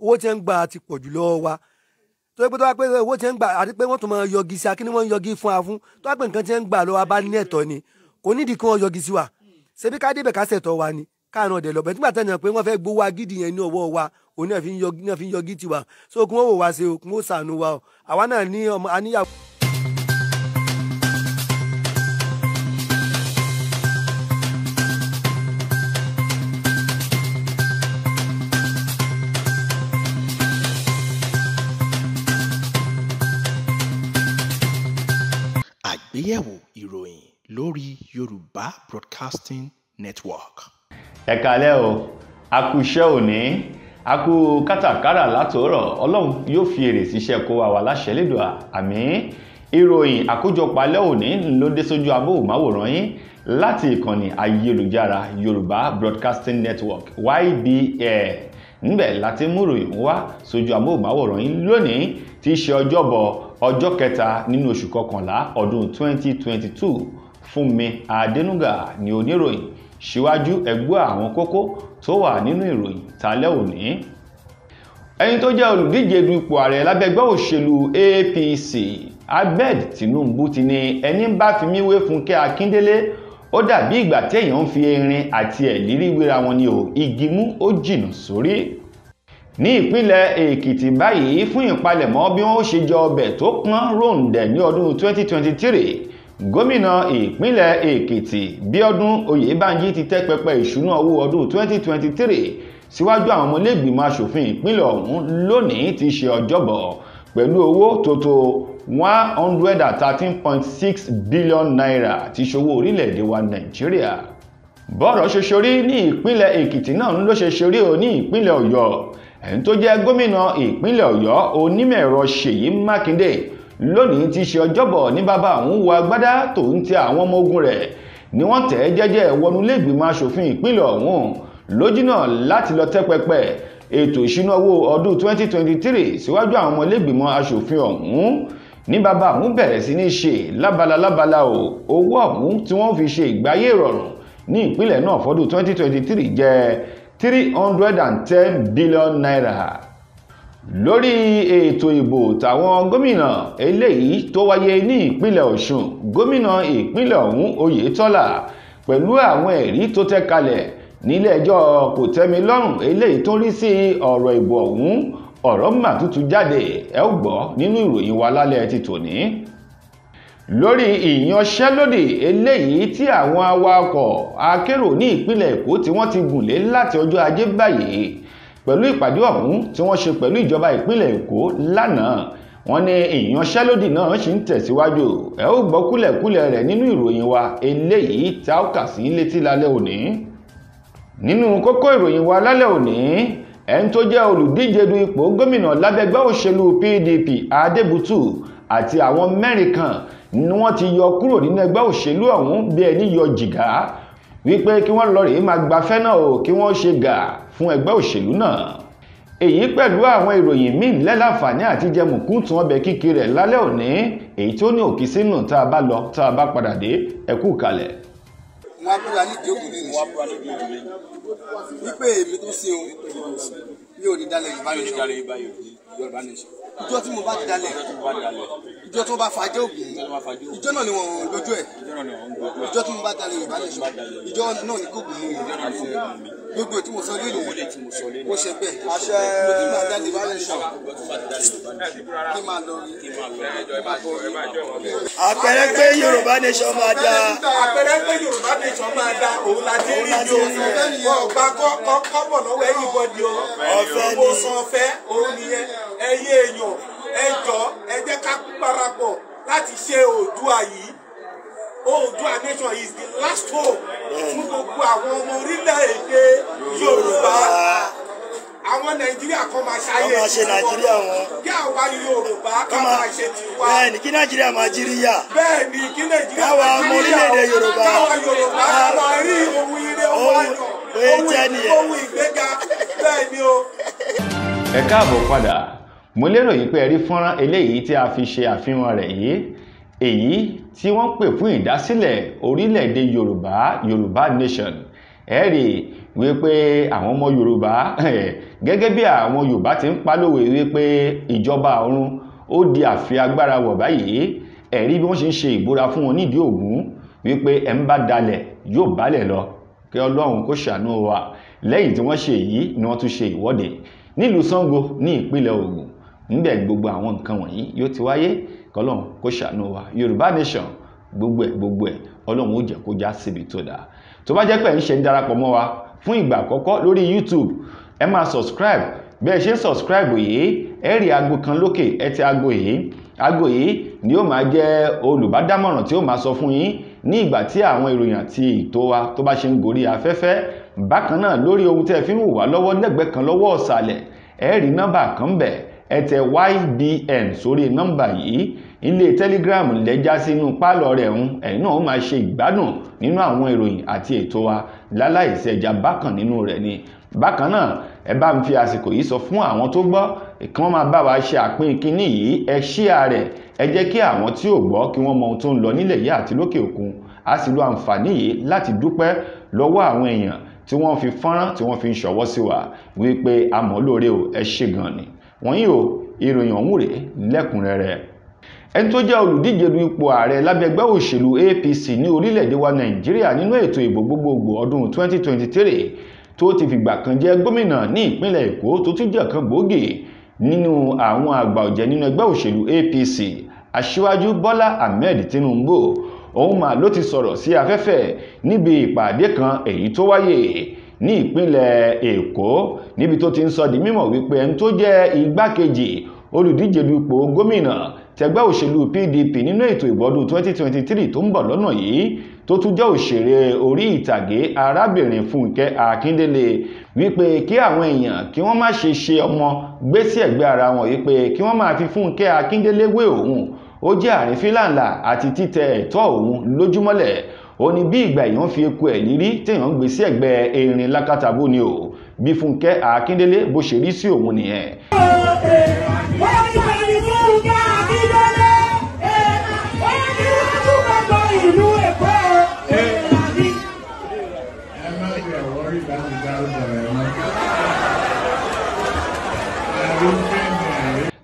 owó tí ń gbà ti pọ̀ jù lọ́wọ́ wa tó yẹ pé tó wá pé owó tí ń gbà àti pé wọ́n tún máa yọgi sí akíní wọ́n ń yọgi fún wa fún tó wá pé nǹkan tí ń gbà lọ́wọ́ bá ní ẹ̀tọ́ ni kò nídìí kí wọ́n yọgi sí wa ṣebí ká débẹ̀ ká ṣẹ̀tọ́ wa ni káàánú ọ̀dẹ̀ lọ́bẹ̀ nígbà tẹ̀yàn pé wọ́n fẹ́ gbowó agídí yẹn ní ọwọ́ wa òun náà fi ń yọgi tiwa so kí wọ́n wò wá sí o kí sànù wa o àwa náà ní ọmọ aníyàwó. àgbéyẹ̀wò ìròyìn lórí Yorùbá Broadcasting Network. ẹ kalẹ́ o a kú iṣẹ́ òní a kú kátàkárà látòórọ̀ Ọlọ́run yóò fi èrè síṣẹ́ kó wa wà láṣẹ lédùá àmín ìròyìn àkójọpọ̀ alẹ́ òní ló dé sójú abóhùnmáwòrán yín láti ìkànnì ayélujára Yorùbá Broadcasting Network YBN níbẹ̀ láti múròyìn wá sójú abóhùnmáwòrán yín lónìí tí í ṣe ọjọ́bọ̀ ọjọ́ kẹta nínú oṣù kọkànlá ọdún 2022 fúnmi adẹnuga ni oníròyìn síwájú ẹgbẹ́ àwọn kókó tó wà nínú ìròyìn tálẹ́ òní ẹni tó jẹ́ olùdíje du ipò ààrẹ lábẹ́gbẹ́ òṣèlú APC abed Tinubu ti ní ẹni bá fi mí wé Fúnkẹ́ Akíndélé ó dàbí ìgbà téèyàn ń fi erin àti ẹ̀lírí wéra wọn ni ò igi mú ó jìnnà sórí ní ìpínlẹ̀ èkìtì báyìí fún ìpalẹ̀mọ́ bí wọ́n ṣe jẹ ọbẹ̀ tó pọ́n ròǹdẹ̀ ní ọdún 2023 gómìnà ìpínlẹ̀ èkìtì bíọ́dún oyèbánjí ti tẹ́ pẹpẹ ìṣúná owó ọdún 2023 síwájú àwọn ọmọlẹ́gbìmọ̀ asòfin ìpínlẹ̀ ọ̀hún lónìí ti ṣe ọjọ́bọ̀ pẹ̀lú owó tó tó 113.6 billion naira ti ṣòwò orílẹ̀-èdè wa nàìjíríà bọ́ọ̀rọ̀ ṣoṣo rí ní ìpínlẹ̀ èkìtì náà ló ṣe ṣe rí o ní ìpínlẹ̀ ọ̀yọ́ ẹni tó jẹ́ gómìnà ìpínlẹ̀ ọ̀yọ́ onímọ̀ ẹ̀rọ ṣèyí mákindé lónìí ti ṣe ọjọ́bọ̀ ní bàbá àwọn wọ agbádá tòun ti àwọn ọmọ ogun rẹ̀ ni wọ́n tẹ̀ ẹ́ jẹ́jẹ́ wọnú iléègbìmọ̀ asòfin ìpínlẹ̀ ọ̀hún lójúnà láti lọ tẹ́ pẹpẹ ètò ìṣúná owó ọdún 2023 síwájú àwọn ọmọ iléègbìmọ̀ asòfin ọ̀hún ní bàbá àwọn bẹ̀rẹ̀ sí ní ṣe lábala lábala o owó ọ̀hún tí wọ́n fi ṣe ìgbáyé ìrọ̀rùn ní ìpínlẹ̀ náà fọ́dún 2023 jẹ́ three hundred and ten billion naira lórí ètò ìbò tàwọn gómìnà eléyìí tó wáyé ní ìpínlẹ̀ Ọ̀ṣun gómìnà ìpínlẹ̀ ọ̀hún Oyètọ́lá pẹ̀lú àwọn ẹ̀rí tó tẹ́ kalẹ̀ nílé ẹjọ́ kòtẹ́milọ́rùn eléyìí tó rí sí ọ̀rọ̀ ìbò ọ̀hún ọ̀rọ̀ mà tútù jáde ẹ ó gbọ́ nínú ìròyìn wa lálẹ́ ti tòní lórí ìyanṣẹ́lódì eléyìí tí àwọn awakọ̀ akérò ní ìpínlẹ̀ èkó tí wọ́n ti gùn lé láti ọjọ́ ajé báyìí pẹ̀lú ìpàdé ọ̀hún tí wọ́n ṣe pẹ̀lú ìjọba ìpínlẹ̀ èkó lánàá wọ́n ní ìyanṣẹ́lódì náà ṣì ń tẹ̀síwájú ẹ ó gbọ́ kúlẹ̀kúlẹ̀ rẹ̀ nínú ìròyìn wa eléyìí tá ó kà sí létí lálẹ́ òní nínú kókó ìròyìn wa lálẹ́ òní ẹni tó jẹ́ olùdíje du ipò gómìnà lábẹ́gbẹ́ òṣèlú PDP Adébútù àti àwọn mẹ́rin kan ni wọ́n ti yọ kúrò nínú ẹgbẹ́ òṣèlú ọ̀hún bí ẹni yọ jìgá wípé kí wọ́n lọ rèé máa gbafẹ́ náà o kí wọ́n ṣe gà fún ẹgbẹ́ òṣèlú náà èyí pẹ̀lú àwọn ìròyìn míì lẹ́láǹfààní àti jẹmùkún tún ọbẹ̀ kíkì rẹ̀ lálẹ́ òní èyí tó ní òkì sínú tá a bá lọ tá a bá padà dé ẹ kú kalẹ̀. wọn á búra nídìí òkú nínú ìṣẹ́ wípé èmi tó ṣe o mi ò ní dalẹ̀ Yorùbá nation Yorùbá nation ìjọ tí mo bá dalẹ̀ ìjọ tí mo bá fàájẹ́ ògùn ìjọ náà ni wọ́n lójú ẹ̀ ìjọ tí mo bá dalẹ̀ Yorùbá nation ìjọ náà ni kò gùn mú gbogbo tí mo sọ lé nìyẹn mo ṣe bẹ́ẹ̀ àṣẹ kí máa dá lèba lè sọ kí máa lọ rí kí máa bọ rí. àpẹẹrẹ pé yorùbá nation máa dá. àpẹẹrẹ pé yorùbá nation máa dá òun la ti rí ju ọgbà kọ́bọ̀ lọ́wọ́ ẹ̀yìn bọ́dí o owó sanfẹ́ òun nìyẹn ẹ̀yẹ èèyàn ẹ̀jọ̀ ẹ jẹ́ ká parapọ̀ láti ṣe Oòduà yìí. Oòduà nation is the last hope fún gbogbo àwọn ọmọ orílẹ̀-èdè Yorùbá àwọn Nàìjíríà kan máa ṣayé ìtìwọ́ kí àwa Yorùbá ká máa ṣe tiwa. bẹ́ẹ̀ni kí Nàìjíríà máa jíríyà. bẹ́ẹ̀ni kí Nàìjíríà máa jíríyà káwa orílẹ̀-èdè Yorùbá káwa Yorùbá ah. máa rí ohun ire ohun ayọ̀ ohun ìgbéga bẹ́ẹ̀ni o. ẹ káàbọ̀ padà mo lérò yìí pé ẹ rí fọ́nrán eléyìí tí a fi ṣe àfihàn rẹ̀ yìí èyí tí wọ́n pè fún ìdásílẹ̀ orílẹ̀-èdè yorùbá yorùbá nation ẹ̀rì wípé àwọn ọmọ yorùbá gẹ́gẹ́ bí àwọn yorùbá ti ń palówe wípé ìjọba ọ̀run ó di àfi agbára wọ̀ báyìí ẹ̀rí bí wọ́n ṣe ń ṣe ìbúra fún wọn nídìí ògún wípé ẹ̀ ń bá dalẹ̀ yóò bálẹ̀ lọ kí ọlọ́run kó ṣàánú wa lẹ́yìn tí wọ́n ṣe èyí ni wọ́n tún ṣe ìwọ́de nílùú Ṣàngó ní ìpínlẹ̀ Ògùn níbẹ̀ gbogbo àwọn nǹkan wọ̀nyí yóò ti wáyé kọ́lọ́n kó ṣàánú wa yorùbá nation gbogbo ẹ̀ gbogbo ẹ̀ ọlọ́run ó jẹ́ kó já síbi tó dáa tó bá jẹ́ pé ń ṣe ń darapọ̀ mọ́ wa fún ìgbà àkọ́kọ́ lórí youtube ẹ máa subscribe bí ṣe subscribe yìí ẹ rí aago kan lókè ẹ ti aago yìí aago yìí ni ó máa jẹ́ olùbádámọ̀ràn tí ó máa sọ fún yín ní ìgbà tí àwọn ìròyìn àti ètò wa tó bá ṣe ń gorí afẹ́fẹ́ bákan náà lórí ohun tẹ́ ẹ fi ń wò wá lọ́wọ́ lẹ́gbẹ̀ẹ́ kan lọ́wọ́ ọ̀sàlẹ̀ ẹ rí nọ́mbà kan bẹ́ẹ̀ ẹ ybn sórí nọ́mbà yìí ilé telegram lẹ́já sínú pálọ̀ rẹ̀ ń ẹ̀yin náà ó máa ṣe ìgbádùn nínú àwọn ìròyìn àti ètò wa láláìsí ẹja bákan nínú rẹ̀ ni bákan náà ẹ bá ń fi àsìkò yìí sọ fún àwọn tó gbọ́ kí wọ́n máa bá wa ṣe àpín kínní yìí ẹ ṣíà rẹ̀ ẹ jẹ́ kí àwọn tí ò gbọ́ kí wọ́n mọ ohun tó ń lọ nílẹ̀ yìí àti lókè òkun a sì lo àǹfààní yìí láti dúpẹ́ lọ́wọ́ àwọn èèyàn tí wọ́n fi fọ́nrán tí wọ́n fi ń ṣọwọ́ sí wa wípé a mọ̀ lóore o ẹ ṣe gan ni wọ̀nyí o ìròyìn ọ̀hún rèé lẹ́kùnrẹ́rẹ́ ẹni tó jẹ́ olùdíje du ipò ààrẹ lábẹ́ ẹgbẹ́ òṣèlú APC ní orílẹ̀-èdè wa Nàìjíríà nínú ètò ìbò gbogbogbò ọdún 2023 tó ti fìgbà kan jẹ́ gómìnà ní ìpínlẹ̀ Èkó tó tún jẹ́ kan gbòógì nínú àwọn àgbà ọ̀jẹ̀ nínú ẹgbẹ́ òṣèlú APC aṣíwájú Bọ́lá Ahmed Tinubu òun mà ló ti sọ̀rọ̀ sí afẹ́fẹ́ níbi ìpàdé kan èyí tó wáyé ní ìpínlẹ̀ Èkó níbi tó ti ń sọ di mímọ̀ wípé ẹni tó jẹ́ igbákejì olùdíje dupò gómìnà tẹgbẹ́ òṣèlú PDP nínú ètò ìbò ọdún 2023 tó ń bọ̀ lọ́nà yìí tó tún jẹ́ òṣèré orí ìtàgé arábìnrin Fúnkẹ́ Akíndélé wípé kí àwọn èèyàn kí wọ́n má ṣe ṣe ọmọ gbé sí ẹ̀gbẹ́ ara wọn wípé kí wọ́n máa fi Fúnkẹ́ Akíndélé wé òun ó jẹ́ àrífínlànlà àti títẹ ẹ̀tọ́ òun lójúmọ́lẹ̀ ó ní bí ìgbà èèyàn fi eku ẹ̀ lírí téèyàn gbé sí ẹ̀gbẹ́ erin lákàtàbó ni o bí Fúnkẹ́ Akíndélé bó ṣe rí sí òun nìyẹn.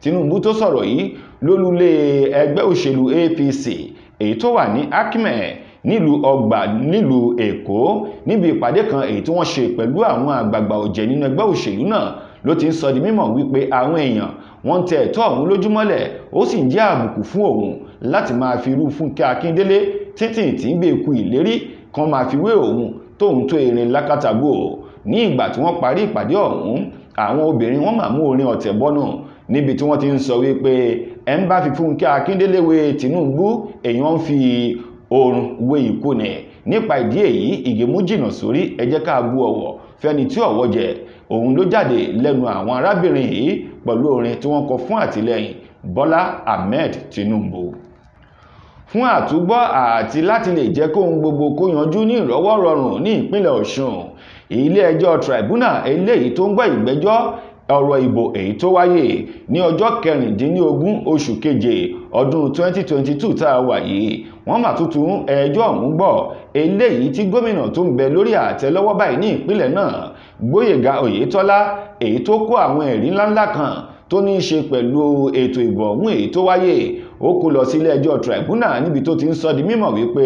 Tinubu tó sọ̀rọ̀ yìí lólulẹ̀ ẹgbẹ́ òṣèlú APC èyí tó wà ní Akimẹ̀ nílùú ọgbà nílùú èkó níbi ìpàdé kan èyí tí wọ́n ṣe pẹ̀lú àwọn àgbààgbà ọ̀jẹ̀ nínú ẹgbẹ́ òṣèlú náà ló ti ń sọ di mímọ̀ wípé àwọn èèyàn wọ́n ń tẹ ẹ̀tọ́ ọ̀hún lójúmọ́lẹ̀ ó sì ń jẹ́ àbùkù fún òun láti máa fi irú Fúnkẹ́ Akíndélé títí tí ń gbé ikú ìlérí kan máa fi wé òun tóun tó erin lákàtàgbò ní ìgbà tí wọ́n parí ìpàdé ọ̀hún àwọn obìnrin wọ́n máa mú orin ọ̀tẹ̀ bọ́nù níbi tí wọ́n ti ń sọ wípé ẹ ń bá fi Fúnkẹ́ Akíndélé wé Tinubu èèyàn ń fi oorun wé ikú ni nípa ìdí èyí ìgèmú jìnnà sórí ẹ jẹ́ ká bu ọ̀wọ̀ fẹ́ni tí ọ̀wọ̀ jẹ òun ló jáde lẹ́nu àwọn arábìnrin yìí pẹ̀lú orin tí wọ́n kọ fún àtìlẹ́yìn Bọ́lá Ahmed Tinubu fún àtúbọ̀ àti láti lè jẹ́ kóhun gbogbo kó yanjú ní ìrọwọ́ rọrùn ní ìpínlẹ̀ Ọ̀ṣun ilé ẹjọ́ tribunal eléyìí tó ń gbọ́ ìgbẹ́jọ́ ọ̀rọ̀ ìbò èyí tó wáyé ní ọjọ́ kẹrìndínlógún oṣù keje ọdún 2022 tá a wà yìí wọ́n mà tuntun ẹjọ́ ọ̀hún gbọ́ eléyìí tí gómìnà tó ń bẹ lórí àtẹ lọ́wọ́ báyìí ní ìpínlẹ̀ náà Gbóyèga Oyètọ́lá èyí tó kó àwọn ẹ̀rí ńláńlá kan tó ní í ṣe pẹ̀lú ètò ìbò ọ̀hún èyí tó wáyé ó kó lọ sí ilé ẹjọ́ tribunal níbi tó ti ń sọ di mímọ̀ wípé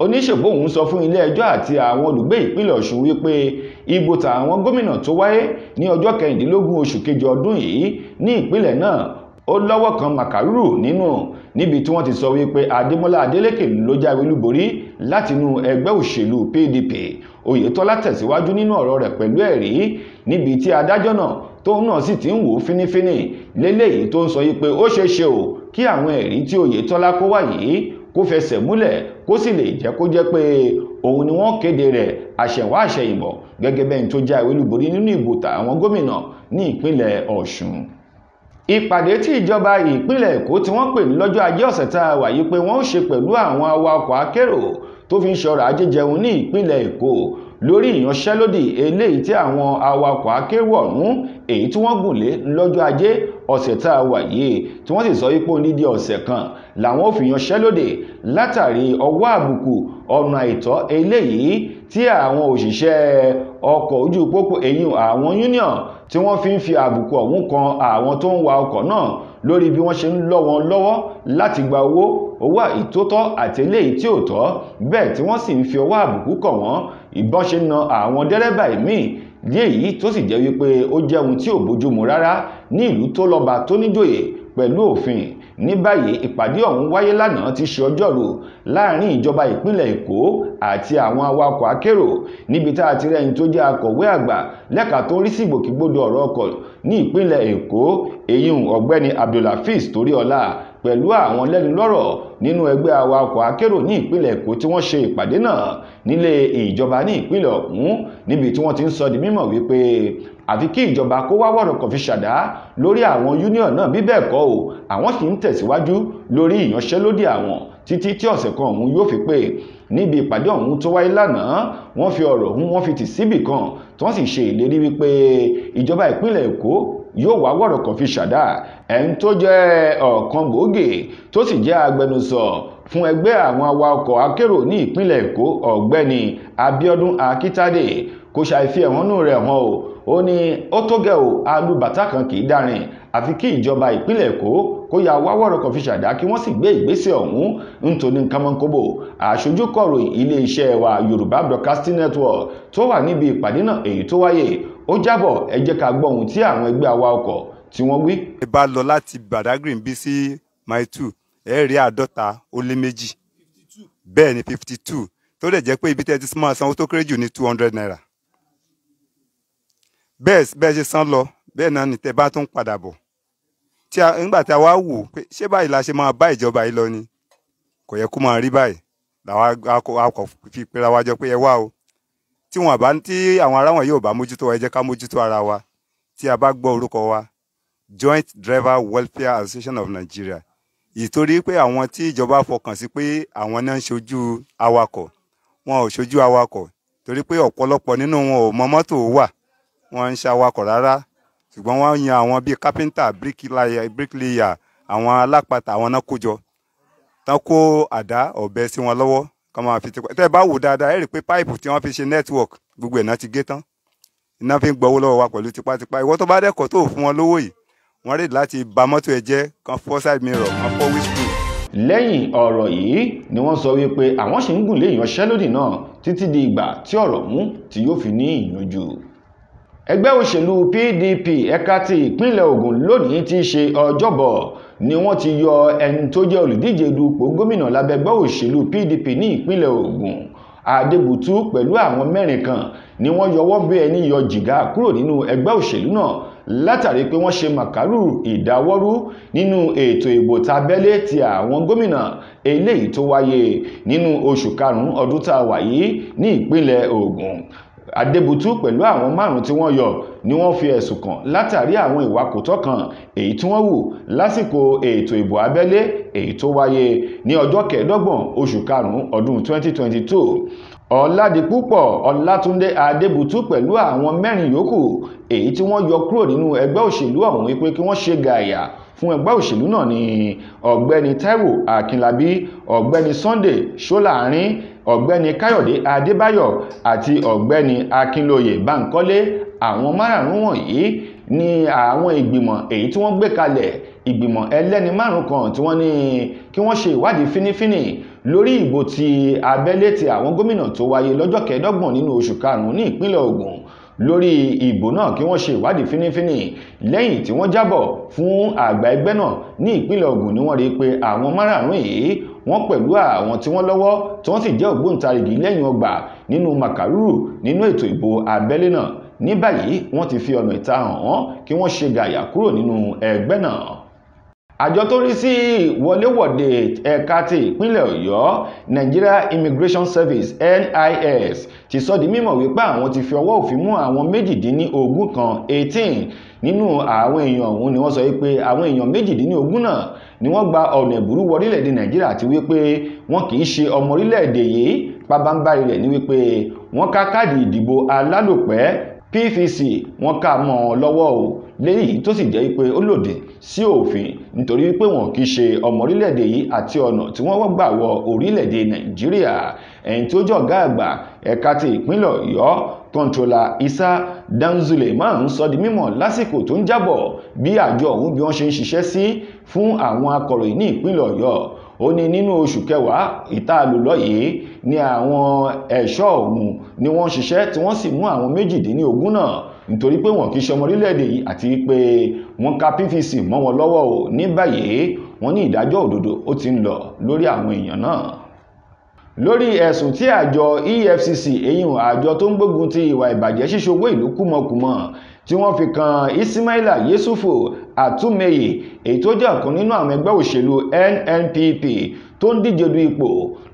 oníṣègbè òun sọ fún ilé ẹjọ́ àti àwọn olùgbé ìpínlẹ̀ ọ̀ṣun wípé ìbò tàwọn gómìnà tó wáyé ní ọjọ́ kẹrìndínlógún oṣù kejì ọdún yìí ní ìpínlẹ̀ náà ó lọ́wọ́ kan màkàrúrù nínú níbi tí wọ́n ti sọ wípé adémọ́lá adélékè ló jáwé olúborí látinú ẹgbẹ́ òṣèlú pdp oyetola tẹ̀síwájú nínú ọ̀rọ̀ rẹ̀ pẹ̀lú ẹ̀rí níbi tí adájọ́ náà tóun náà sì ti ń wò ó fínífíní léléyìí tó ń sọ yìí pé ó ṣeé ṣe o kí àwọn ẹ̀rí tí Oyètọ́lá kó wá yìí kó fẹsẹ̀ múlẹ̀ kó sì lè jẹ́ kó jẹ́ pé òun ni wọ́n kéde rẹ̀ àṣẹ̀wá àṣẹ̀yìnbọ̀ gẹ́gẹ́ bẹ́ẹ̀ tó já ìwé olúborí nínú ìbò tàwọn gómìnà ní ìpínlẹ̀ Ọ̀ṣun ìpàdé tí ìjọba ìpínlẹ̀ Èkó tí wọ́n pè ní lọ́jọ́ ajé ọ̀sẹ̀ tá a wà yìí pé wọ́n ó ṣe pẹ̀lú àwọn awakọ̀ akérò tó fi ń ṣọrọ̀ ajé jẹun ní ìpínlẹ̀ Èkó lórí ìyanṣẹ́lódì eléyìí tí àwọn awakọ̀ akérò ọ̀hún èyí tí wọ́n gùn lé lọ́jọ́ ajé ọ̀sẹ̀ tá a wà yìí tí wọ́n sì sọ wípé ó nídìí ọ̀sẹ̀ kan làwọn ò fi yanṣẹ́lódì látàrí ọwọ́ àbùkù ọ̀nà àìtọ́ eléyìí tí àwọn òṣìṣẹ́ ọkọ̀ ojú pópó ẹ̀yìn àwọn union tí wọ́n fi ń fi àbùkù ọ̀hún kan àwọn tó ń wa ọkọ̀ náà lórí bí wọ́n ṣe ń lọ́ wọn lọ́wọ́ láti gba owó owó ìtótọ́ àti eléyìí tí ò tọ́ bẹ́ẹ̀ tí wọ́n sì ń fi ọwọ́ àbùkù kàn wọ́n ìbọn ṣe ń na àwọn dẹ́rẹ́bà ìmíì díẹ̀ yìí tó sì jẹ́ wípé ó jẹ́ ohun tí ò bójúmu rárá ní ìlú tó lọ́ba tó níjòyè pẹ̀lú òfin ní báyìí ìpàdé ọ̀hún wáyé lánàá ti ṣe ọjọ́rú láàrin ìjọba ìpínlẹ̀ èkó àti àwọn awakọ̀ akérò níbi tá a ti rẹ́ni tó jẹ́ akọ̀wé àgbà lẹ́ka tó ń rí sí ìgbòkègbodò ọ̀rọ̀ ọkọ̀ ní ìpínlẹ̀ èkó èyí ọ̀gbẹ́ni abdulhafiz toríọlá pẹ̀lú àwọn lẹ́nu lọ́rọ̀ nínú ẹgbẹ́ awakọ̀ akérò ní ìpínlẹ̀ èkó tí wọ́n ṣe ìpàdé náà nílé ìjọba ní ìpínlẹ̀ ọ̀hún níbi tí wọ́n ti ń sọ di mímọ̀ wípé àfi kí ìjọba kó wá wọ̀rọ̀ kan fi ṣàdá lórí àwọn union náà bí bẹ́ẹ̀ kọ́ o àwọn sì ń tẹ̀síwájú lórí ìyanṣẹ́lódì àwọn títí tí ọ̀sẹ̀ kan ọ̀hún yóò fi pé níbi ìpàdé ọ̀hún tó wáyé lánàá wọ́n fi ọ̀rọ̀ ọ̀hún wọ́n fi tì síbì kan tí wọ́n sì ṣe ìlérí wípé ìjọba ìpínlẹ̀ èkó yóò wá wọ̀rọ̀ kan fi ṣàdá ẹni tó jẹ́ ọ̀kan gbòógè tó sì jẹ́ agbẹnusọ fún ẹgbẹ́ àwọn awakọ̀ akérò ní ìpínlẹ̀ èkó ọ̀gbẹ́ni Abíọ́dún Akítádé kò ṣàìfi ẹ̀hónú rẹ̀ hàn o ó ní ó tó gẹ̀ o alùbàtà kan kì í dárin àfi kí ìjọba ìpínlẹ̀ èkó kó ya wáwọ̀rọ̀ kan fi ṣàdá kí wọ́n sì gbé ìgbésẹ̀ ọ̀hún nítorí nǹkan mọ́kóbò àṣojú kọ̀ròyìn iléeṣẹ́ wa yorùbá broadcasting network tó wà níbi ìpàdé náà èyí tó wáyé ó jábọ̀ ẹ jẹ́ ká gbọ́ ohun tí àwọn ẹgbẹ́ awakọ̀ tí wọ́n wí. ẹ bá lọ láti badagry bí sí mile two ẹ rí àádọ́ta ó lé méjì bẹ́ẹ̀ ni fifty two tó dẹ̀ jẹ́ pé ibi tẹ́ ti máa sanwó tó kéré jù ní two hundred naira bẹ́ẹ̀ bẹ́ẹ̀ ṣe sán lọ bẹ́ẹ̀ náà ni tẹ́ bá tún padà bọ̀ tí a nígbà tí a wá wò pé ṣé báyìí la ṣe máa bá ìjọba yìí lọ ni kò yẹ kó máa rí báyìí làwa akọ fi pera wa jọ pé ẹ wá o tí wọn àbá tí àwọn ará wọn yóò bá mójútó wa ẹ jẹ́ ká mójútó ara wa tí a bá gbọ́ orúkọ wa Joint Driver Welfare Association of Nigeria ìtorí pé àwọn tí ìjọba fọkàn sí pé àwọn náà ń ṣojú awakọ̀ wọn ò ṣojú awakọ̀ torí pé ọ̀pọ̀lọpọ̀ nínú wọn ò mọ mọ́tò wà wọ́n ń ṣàwakọ̀ rárá ṣùgbọ́n wọ́n yan àwọn bíi kápẹ́ńtà bíríkìlìyà àwọn alápatà àwọn náà kójọ tán kó àdá ọ̀bẹ sí wọn lọ́wọ́ kán máa fi tipa tẹ́ ẹ bá wò dáadáa ẹ rí i pé páìpù tí wọ́n fi ṣe network gbogbo ẹ̀ náà ti gé tán iná fi ń gbọ́wọ́ lọ́wọ́ wa pẹ̀lú tipátipá ìwọ tó bá dẹ́kọ̀ tó fún wọn lówó yìí wọ́n rèé láti ba mọ́tò ẹ̀ jẹ́ kan fọ́ side mirror kan fọ́ windscreen lẹ́yìn ọ̀rọ̀ yìí ni wọ́n sọ wípé àwọn ṣì ń gùn lé ìyanṣẹ́lódì náà títí di ìgbà tí ọ̀rọ̀ mú tí yóò fi ní ìyanjú ẹgbẹ́ òṣèlú PDP ẹ̀ka ti ìpínlẹ̀ Ògùn lónìí ti ṣe ọjọ́bọ̀ ni wọ́n ti yọ ẹni tó jẹ́ olùdíje dupò gómìnà lábẹ́ òṣèlú PDP ní ìpínlẹ̀ Ògùn Adébùtú pẹ̀lú àwọn mẹ́rin kan ni wọ́n yọwọ́ bí ẹni yọ jìgá kúrò nínú ẹgbẹ́ òṣèlú náà látàrí pé wọ́n ṣe màkàrú ìdáwọ́rú nínú ètò ìbò tabẹ́lé ti àwọn gómìnà eléyìí tó wáyé nínú oṣù karùn-ún ọdún tá a wà yìí ní ìpínlẹ̀ Ògùn adébútú pẹ̀lú àwọn márùn-ún tí wọ́n yọ ni wọ́n fi ẹ̀sùn kàn látàrí àwọn ìwà kòtọ́ kan èyí tí wọ́n hù lásìkò ètò ìbò abẹ́lé èyí tó wáyé ní ọjọ́ kẹẹ̀ẹ́dọ́gbọ̀n oṣù karùn-ún ọdún 2022 ọ̀làdìpúpọ̀ ọ̀làtúndé adébútú pẹ̀lú àwọn mẹ́rin yòókù èyí tí wọ́n yọ kúrò nínú ẹgbẹ́ òṣèlú ọ̀hún wípé kí wọ́n ṣe gàyà fún ẹgbẹ́ òṣèlú náà ni ọ̀gbẹ́ni taiwo akínlábí ọ̀gbẹ́ni sunday ṣọ́láàrin ọ̀gbẹ́ni káyọ̀dé adébáyọ̀ àti ọ̀gbẹ́ni akínlóye báńkọ́lé àwọn márààrún wọ̀nyí ni àwọn ìgbìmọ̀ èyí tí wọ́n gbé kalẹ̀ ìgbìmọ̀ ẹlẹ́ni márùn kan tí wọ́n ní kí wọ́n ṣe ìwádìí fínífíní lórí ìbò ti abẹ́lé ti àwọn gómìnà tó wáyé lọ́jọ́ kẹẹ̀ẹ́dọ́gbọ̀n nínú oṣù karùn-ún ní ìpínlẹ̀ Ògùn lórí ìbò náà kí wọ́n ṣe ìwádìí fínífíní lẹ́yìn tí wọ́n jábọ̀ fún àgbà ẹgbẹ́ náà ní ìpínlẹ̀ Ògùn ni wọ́n rí i pé àwọn márààrún yìí wọ́n pẹ̀lú àwọn tí wọ́n lọ́wọ́ tí wọ́n sì jẹ́ ògbóǹtarìgì lẹ́yìn ọgbà nínú màkàrúrù nínú ètò ìbò abẹ́lé náà ní báyìí wọ́n ti fi ọ̀nà ìta hàn wọ́n kí wọ́n ṣe gàyà kúrò nínú ẹgbẹ́ náà àjọ tó rí sí ìwọléwọ̀de ẹ̀ka ti ìpínlẹ̀ ọ̀yọ́ nigeria immigration service nis ti sọ di mímọ̀ wípé àwọn ti fi ọwọ́ òfin mú àwọn méjìdínlógún kan eighteen nínú àwọn èèyàn ọ̀hún ni wọ́n sọ wípé àwọn èèyàn méjìdínlógún náà ni wọ́n gba ọ̀nà ìbúrú wọ orílẹ̀-èdè nàìjíríà àti wípé wọn kì í ṣe ọmọ orílẹ̀-èdè yìí pabambarí rẹ̀ ni wípé wọ́n ká káàdì ìdìbò alálòpẹ́ PVC wọ́n ká mọ́ ọ lọ́wọ́ o léyìí tó sì jẹ́ pé ó lòdì sí òfin nítorí pé wọn kì í ṣe ọmọ orílẹ̀-èdè yìí àti ọ̀nà tí wọ́n gbà wọ orílẹ̀-èdè nàìjíríà ẹni tí ó ọ̀gá àgbà ẹ̀ka ti ìpínlẹ̀ ọ̀yọ́ kọ́ńtrólà isa danzule máa ń sọ di mímọ̀ lásìkò tó ń jábọ̀ bí àjọ ọ̀hún bí wọ́n ṣe ń ṣiṣẹ́ sí fún àwọn akọ̀ròyìn ní ìpínlẹ̀ ọ̀yọ́ ó ní nínú oṣù kẹwàá ìtàlùlọ yìí ni àwọn ẹ̀ṣọ́ ọ̀hún ni wọ́n ṣiṣẹ́ tí wọ́n sì mú àwọn méjìdínlógún náà nítorí pé wọn kì í ṣe ọmọ orílẹ̀-èdè yìí àti pé wọ́n ka pvc mọ́ wọn lọ́wọ́ o ní báyìí wọ́n ní ìdájọ́ òdodo ó ti ń lọ lórí àwọn èèyàn náà lórí ẹ̀sùn tí àjọ efcc eyín àjọ tó ń gbógun ti ìwà ìbàjẹ́ ṣíṣòwò ìlú kùmọ̀kùmọ̀ tí wọ́n fi kan ismaila yesufu atumeye èyí tó jẹ́ ọ̀kan nínú àwọn ẹgbẹ́ òṣèlú nnpp tó ń díje du ipò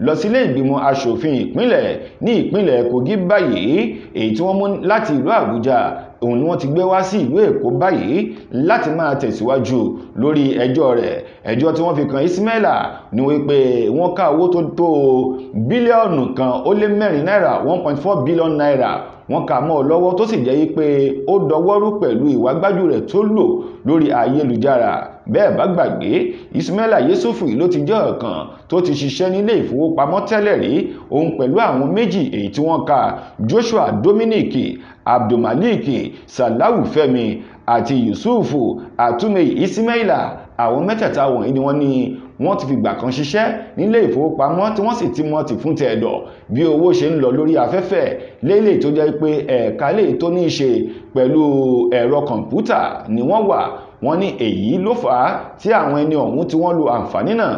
lọ sílé ìgbìmọ̀ asòfin ìpínlẹ̀ ní ìpínlẹ̀ Kogi báyìí èyí tí wọ́n mú láti ìlú Àbújá òun ni wọ́n ti gbé wá sí ìlú Èkó báyìí láti máa tẹ̀síwájú lórí ẹjọ́ rẹ̀ ẹjọ́ tí wọ́n fi kan Ismaila ni wípé wọ́n ká owó tó tó bílíọ̀nù kan ó lé mẹ́rin náírà one point four billion naira wọ́n kà mọ́ ọ lọ́wọ́ tó sì jẹ́ wípé ó dọwọ́rú pẹ̀lú ìwà rẹ̀ tó lò lórí ayélujára bẹ́ẹ̀ bá gbàgbé ismaila yesufu ló ti jẹ́ ọ̀kan tó ti ṣiṣẹ́ nílé ìfowópamọ́ tẹ́lẹ̀ rí òun pẹ̀lú àwọn méjì èyí tí wọ́n ka joshua dominic abdulmalik salau fẹ́mi àti yusufu àtúmẹ̀ ismaila àwọn mẹ́tẹ̀ẹ̀ta wọ̀nyí ni wọ́n ní wọ́n ti fìgbà kan ṣiṣẹ́ nílé ìfowópamọ́ tí wọ́n sì ti mọ̀ ti fún tẹ̀dọ̀ bí owó ṣe ń lọ lórí afẹ́fẹ́ lélè tó jẹ́ pé ẹ̀ka lè tó ní í ṣe pẹ̀lú ẹ̀rọ kọ̀ǹpútà ni wọ́n wà wọ́n ní èyí ló fà á tí àwọn ẹni ọ̀hún tí wọ́n lo àǹfààní náà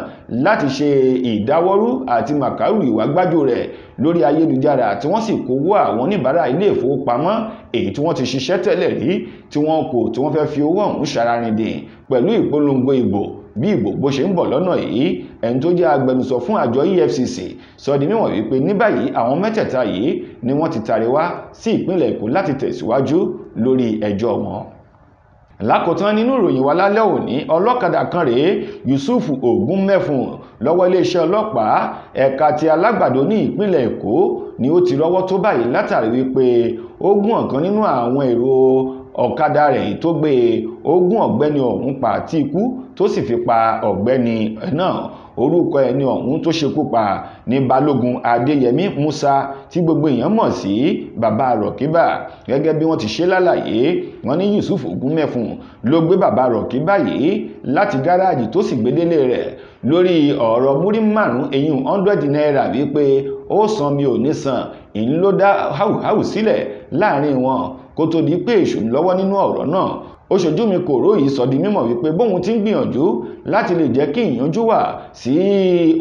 láti ṣe ìdáwọ́rú àti màkàrù ìwà gbájú rẹ̀ lórí ayélujára tí wọ́n sì kówó àwọn oníbàárà ilé ìfowópamọ́ èyí tí wọ́n ti ṣiṣẹ́ tẹ́lẹ̀ rí tí wọ́n kò tí wọ́n fẹ́ fi owó ọ̀hún ṣararindìn pẹ̀lú ìpolongo ìbò bí ìbò bó ṣe ń bọ̀ lọ́nà yìí ẹni tó jẹ́ agbẹnusọ fún àjọ EFCC sọ di mímọ̀ wípé ní báyìí àwọn mẹ́tẹ̀ẹ̀ta yìí ni wọ́n ti tari wá sí ìpínlẹ̀ Èkó láti tẹ̀síwájú lórí ẹjọ́ wọn lákòótán nínú ìròyìn wa lálẹ́ òní ọlọ́kadà kan rèé Yusuf Ògúnmẹ́fun lọ́wọ́ iléeṣẹ́ ọlọ́pàá ẹ̀ka ti alágbàdo ní ìpínlẹ̀ Èkó ni ó ti rọ́wọ́ tó báyìí látàrí wípé ó gún ọ̀kan nínú àwọn èrò ọ̀kadà rẹ̀ tó gbé e. ogún ọ̀gbẹ́ni ọ̀hún pa àti ikú tó sì fi pa ọ̀gbẹ́ni náà orúkọ ẹni ọ̀hún tó ṣekú pa ní balógun adéyẹmí musa tí gbogbo èèyàn mọ̀ sí bàbá rọ̀kíbà gẹ́gẹ́ bí wọ́n ti ṣe lálàyé wọn ní yusuf ogunmẹ́fun ló gbé bàbá rọ̀kíbà yìí láti gáràjì tó sì gbé délé rẹ̀ lórí ọ̀rọ̀ múrí márùn-ún eyín hundred naira wípé ó san mi ò ní san ìlú ló dá háwùháwù sílẹ̀ láàrin wọn kó tó di pé èṣù lọ́wọ́ nínú ọ̀rọ̀ náà oṣojú mi kòró yìí sọ di mímọ̀ wípé bóun ti ń gbìyànjú láti lè jẹ́ kí ìyanjú wà sí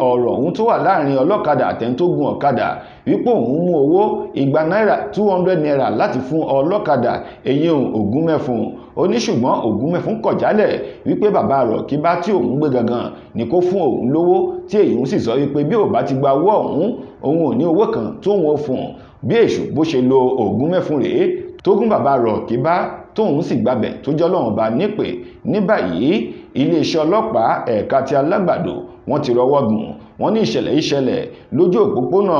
ọ̀rọ̀ ọ̀hún tó wà láàrin ọlọ́kadà àtẹ̀ntógun ọ̀kadà wípé òun mú owó igba náírà two hundred naira láti fún ọlọ́kadà eyín ògún mẹ́fun ó ní ṣùgbọ́n ògún mẹ́fun kọ̀ jálẹ̀ wípé bàbá rọ̀ kí bá tí òun gbé gangan ni kó fún òun lówó tí èyí sì sọ wípé bí ò bá ti gba owó ọ̀hún òun ò ní owó kan tóun ò fún bí èṣù bó ṣe lo ògún mẹ́fun rèé tó gún bàbá rọ̀ kí bá tóun sì gbabẹ̀ tó jọlọ́run bá nípè ní báyìí iléeṣẹ́ ọlọ́pàá ẹ̀ka ti alágbàdo wọ́n ti rọwọ́ gùn wọ́n ní ìṣẹ̀lẹ̀ ìṣẹ̀lẹ̀ lójú òpópónà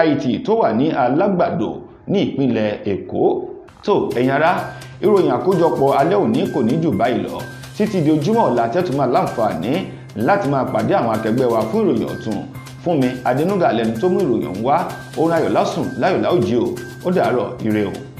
AIT tó wà ní alágbàdo ní ìpínlẹ̀ Èkó tó ẹ̀yin ará ìròyìn àkójọpọ̀ alẹ́ òní kò ní jù báyìí lọ títí di ojúmọ́ ọ̀la tẹ́tùmá láǹfààní láti máa pàdé àwọn akẹgbẹ́ wa fún ìròyìn ọ̀tun fún mi adẹnuga tó mú ìròyìn wá orin ayọ̀ lásùn láyọ̀ láòjì o ó dàárọ̀ ire o.